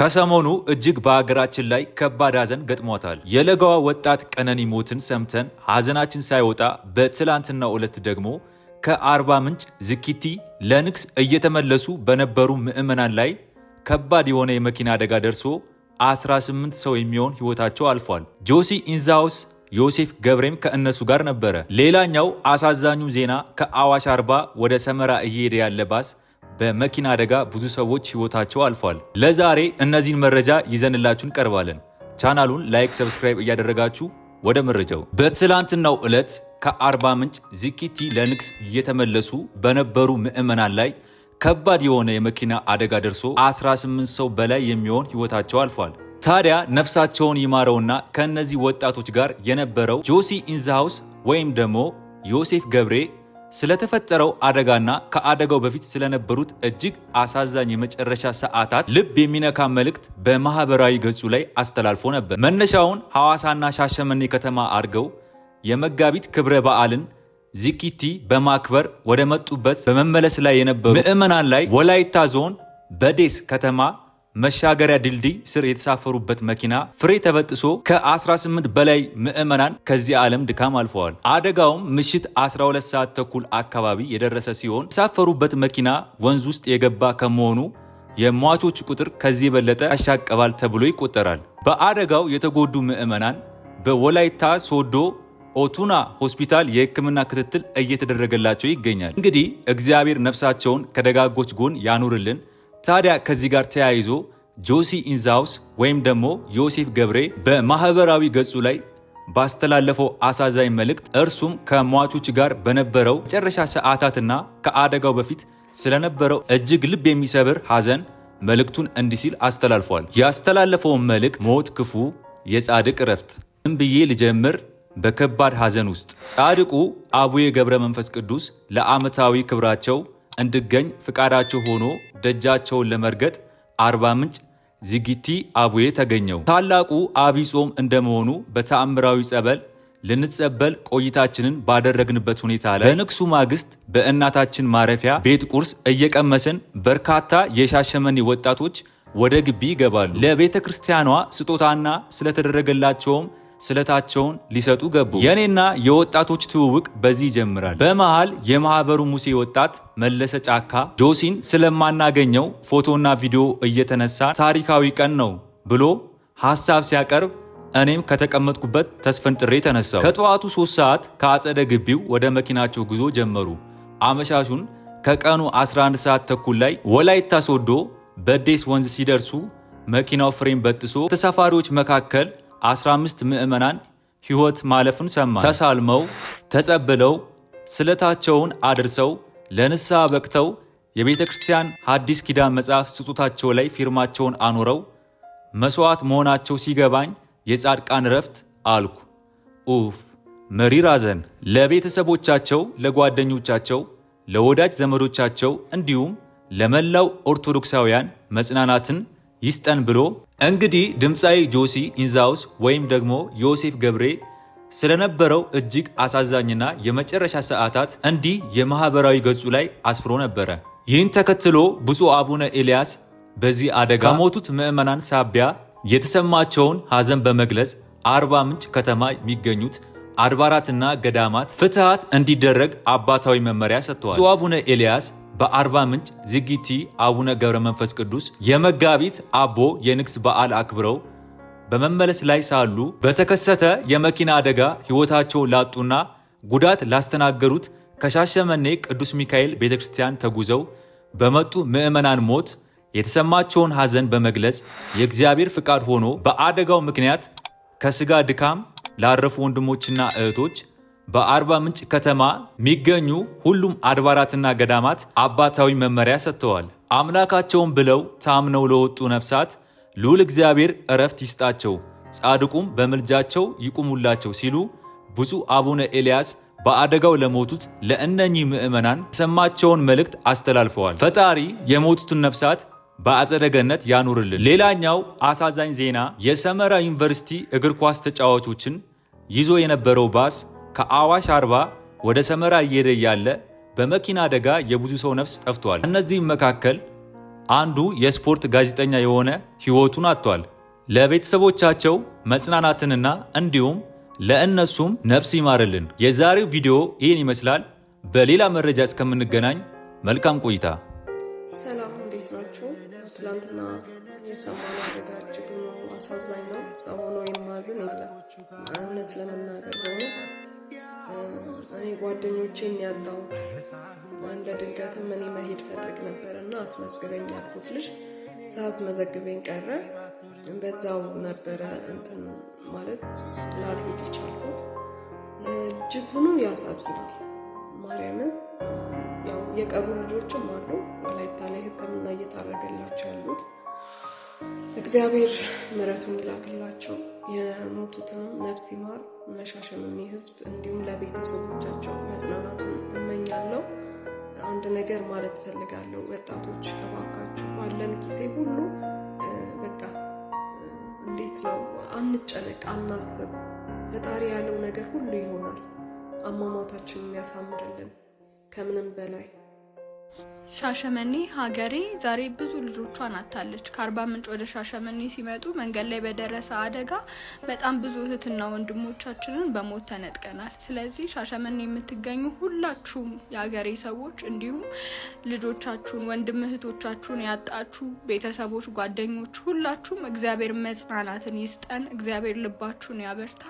ከሰሞኑ እጅግ በሀገራችን ላይ ከባድ ሀዘን ገጥሟታል። የለጋዋ ወጣት ቀነኒ ሞትን ሰምተን ሀዘናችን ሳይወጣ በትላንትናው ዕለት ደግሞ ከአርባ ምንጭ ዝኪቲ ለንግስ እየተመለሱ በነበሩ ምዕመናን ላይ ከባድ የሆነ የመኪና አደጋ ደርሶ 18 ሰው የሚሆን ህይወታቸው አልፏል። ጆሲ ኢንዛውስ ዮሴፍ ገብሬም ከእነሱ ጋር ነበረ። ሌላኛው አሳዛኙ ዜና ከአዋሽ አርባ ወደ ሰመራ እየሄደ ያለ ባስ በመኪና አደጋ ብዙ ሰዎች ህይወታቸው አልፏል። ለዛሬ እነዚህን መረጃ ይዘንላችሁን ቀርባለን። ቻናሉን ላይክ፣ ሰብስክራይብ እያደረጋችሁ ወደ መረጃው በትላንትናው ዕለት ከአርባ ምንጭ ዚኪቲ ለንግስ እየተመለሱ በነበሩ ምዕመናን ላይ ከባድ የሆነ የመኪና አደጋ ደርሶ 18 ሰው በላይ የሚሆን ህይወታቸው አልፏል። ታዲያ ነፍሳቸውን ይማረውና ከእነዚህ ወጣቶች ጋር የነበረው ጆሲ ኢንዛሃውስ ወይም ደግሞ ዮሴፍ ገብሬ ስለተፈጠረው አደጋና ከአደጋው በፊት ስለነበሩት እጅግ አሳዛኝ የመጨረሻ ሰዓታት ልብ የሚነካ መልእክት በማህበራዊ ገጹ ላይ አስተላልፎ ነበር። መነሻውን ሐዋሳና ሻሸመኔ ከተማ አድርገው የመጋቢት ክብረ በዓልን ዚኪቲ በማክበር ወደ መጡበት በመመለስ ላይ የነበሩ ምዕመናን ላይ ወላይታ ዞን በዴስ ከተማ መሻገሪያ ድልድይ ስር የተሳፈሩበት መኪና ፍሬ ተበጥሶ ከ18 በላይ ምዕመናን ከዚህ ዓለም ድካም አልፈዋል። አደጋውም ምሽት 12 ሰዓት ተኩል አካባቢ የደረሰ ሲሆን የተሳፈሩበት መኪና ወንዝ ውስጥ የገባ ከመሆኑ የሟቾች ቁጥር ከዚህ የበለጠ ያሻቀባል ተብሎ ይቆጠራል። በአደጋው የተጎዱ ምዕመናን በወላይታ ሶዶ ኦቱና ሆስፒታል የሕክምና ክትትል እየተደረገላቸው ይገኛል። እንግዲህ እግዚአብሔር ነፍሳቸውን ከደጋጎች ጎን ያኑርልን። ታዲያ ከዚህ ጋር ተያይዞ ጆሲ ኢንዛውስ ወይም ደግሞ ዮሴፍ ገብሬ በማህበራዊ ገጹ ላይ ባስተላለፈው አሳዛኝ መልእክት እርሱም ከሟቾች ጋር በነበረው መጨረሻ ሰዓታትና ከአደጋው በፊት ስለነበረው እጅግ ልብ የሚሰብር ሐዘን መልእክቱን እንዲህ ሲል አስተላልፏል። ያስተላለፈውን መልእክት ሞት ክፉ፣ የጻድቅ እረፍት ምን ብዬ ልጀምር? በከባድ ሐዘን ውስጥ ጻድቁ አቡዬ ገብረ መንፈስ ቅዱስ ለዓመታዊ ክብራቸው እንድገኝ ፍቃዳቸው ሆኖ ደጃቸውን ለመርገጥ አርባ ምንጭ ዚጊቲ አቡዬ ተገኘው። ታላቁ አብይ ጾም እንደመሆኑ በተአምራዊ ጸበል ልንጸበል ቆይታችንን ባደረግንበት ሁኔታ ላይ በንግሱ ማግስት በእናታችን ማረፊያ ቤት ቁርስ እየቀመስን በርካታ የሻሸመኔ ወጣቶች ወደ ግቢ ይገባሉ። ለቤተ ክርስቲያኗ ስጦታና ስለተደረገላቸውም ስለታቸውን ሊሰጡ ገቡ። የእኔና የወጣቶች ትውውቅ በዚህ ይጀምራል። በመሃል የማህበሩ ሙሴ ወጣት መለሰ ጫካ ጆሲን ስለማናገኘው ፎቶና ቪዲዮ እየተነሳ ታሪካዊ ቀን ነው ብሎ ሀሳብ ሲያቀርብ እኔም ከተቀመጥኩበት ተስፈንጥሬ ተነሳው። ከጠዋቱ ሶስት ሰዓት ከአጸደ ግቢው ወደ መኪናቸው ጉዞ ጀመሩ። አመሻሹን ከቀኑ 11 ሰዓት ተኩል ላይ ወላይታ ሶዶ በዴስ ወንዝ ሲደርሱ መኪናው ፍሬም በጥሶ ተሳፋሪዎች መካከል 15 ምዕመናን ሕይወት ማለፍን ሰማ። ተሳልመው ተጸብለው ስለታቸውን አድርሰው ለንስሐ በቅተው የቤተ ክርስቲያን ሐዲስ ኪዳን መጽሐፍ ስጦታቸው ላይ ፊርማቸውን አኖረው መሥዋዕት መሆናቸው ሲገባኝ የጻድቃን ረፍት አልኩ። ኡፍ መሪር አዘን ለቤተሰቦቻቸው፣ ለጓደኞቻቸው፣ ለወዳጅ ዘመዶቻቸው እንዲሁም ለመላው ኦርቶዶክሳውያን መጽናናትን ይስጠን ብሎ እንግዲህ ድምፃዊ ጆሲ ኢንዛውስ ወይም ደግሞ ዮሴፍ ገብሬ ስለነበረው እጅግ አሳዛኝና የመጨረሻ ሰዓታት እንዲህ የማህበራዊ ገጹ ላይ አስፍሮ ነበረ። ይህን ተከትሎ ብፁዕ አቡነ ኤልያስ በዚህ አደጋ ከሞቱት ምዕመናን ሳቢያ የተሰማቸውን ሐዘን በመግለጽ አርባ ምንጭ ከተማ የሚገኙት አድባራትና ገዳማት ፍትሐት እንዲደረግ አባታዊ መመሪያ ሰጥተዋል። ብፁዕ አቡነ ኤልያስ በአርባ ምንጭ ዝጊቲ አቡነ ገብረ መንፈስ ቅዱስ የመጋቢት አቦ የንግስ በዓል አክብረው በመመለስ ላይ ሳሉ በተከሰተ የመኪና አደጋ ሕይወታቸው ላጡና ጉዳት ላስተናገሩት ከሻሸመኔ ቅዱስ ሚካኤል ቤተክርስቲያን ተጉዘው በመጡ ምዕመናን ሞት የተሰማቸውን ሐዘን በመግለጽ የእግዚአብሔር ፍቃድ ሆኖ በአደጋው ምክንያት ከስጋ ድካም ላረፉ ወንድሞችና እህቶች በአርባ ምንጭ ከተማ የሚገኙ ሁሉም አድባራትና ገዳማት አባታዊ መመሪያ ሰጥተዋል። አምላካቸውን ብለው ታምነው ለወጡ ነፍሳት ልዑል እግዚአብሔር እረፍት ይስጣቸው፣ ጻድቁም በምልጃቸው ይቁሙላቸው ሲሉ ብፁዕ አቡነ ኤልያስ በአደጋው ለሞቱት ለእነኚህ ምዕመናን የሰማቸውን መልእክት አስተላልፈዋል። ፈጣሪ የሞቱትን ነፍሳት በአጸደ ገነት ያኑርልን። ሌላኛው አሳዛኝ ዜና የሰመራ ዩኒቨርሲቲ እግር ኳስ ተጫዋቾችን ይዞ የነበረው ባስ ከአዋሽ አርባ ወደ ሰመራ እየሄደ እያለ በመኪና አደጋ የብዙ ሰው ነፍስ ጠፍቷል። ከእነዚህም መካከል አንዱ የስፖርት ጋዜጠኛ የሆነ ሕይወቱን አጥቷል። ለቤተሰቦቻቸው መጽናናትንና እንዲሁም ለእነሱም ነፍስ ይማርልን። የዛሬው ቪዲዮ ይህን ይመስላል። በሌላ መረጃ እስከምንገናኝ መልካም ቆይታ። ሰላም፣ እንዴት ናችሁ? ትላንትና አደጋ እጅግ አሳዛኝ ነው። ሰው ሆኖ የማዝን የለም። እውነት ለመናገር በእውነት እኔ ጓደኞቼን ያጣሁት እንደ ድንገትም እኔ መሄድ ፈጠቅ ነበር እና አስመዝግበኝ ያልኩት ልጅ ሳያስመዘግበኝ ቀረ። በዛው ነበረ እንትን ማለት ላልሄድ የቻልኩት። እጅጉኑ ያሳዝናል። ማርያምን ያው የቀሩ ልጆችም አሉ ወላይታ ላይ ሕክምና እየታረገላቸው ያሉት እግዚአብሔር ምሕረቱን ይላክላቸው። የሞቱትንም ነፍስ ይማር። ለሻሸመኔ ህዝብ እንዲሁም ለቤተሰቦቻቸው መጽናናቱን እመኛለሁ። አንድ ነገር ማለት ፈልጋለሁ። ወጣቶች እባካችሁ ባለን ጊዜ ሁሉ በቃ እንዴት ነው አንጨነቅ፣ አናስብ። ፈጣሪ ያለው ነገር ሁሉ ይሆናል። አሟሟታችን የሚያሳምርልን ከምንም በላይ ሻሸመኔ ሀገሬ ዛሬ ብዙ ልጆቿን አታለች። ከአርባ ምንጭ ወደ ሻሸመኔ ሲመጡ መንገድ ላይ በደረሰ አደጋ በጣም ብዙ እህትና ወንድሞቻችንን በሞት ተነጥቀናል። ስለዚህ ሻሸመኔ የምትገኙ ሁላችሁም የሀገሬ ሰዎች እንዲሁም ልጆቻችሁን፣ ወንድም እህቶቻችሁን ያጣችሁ ቤተሰቦች፣ ጓደኞች ሁላችሁም እግዚአብሔር መጽናናትን ይስጠን። እግዚአብሔር ልባችሁን ያበርታ።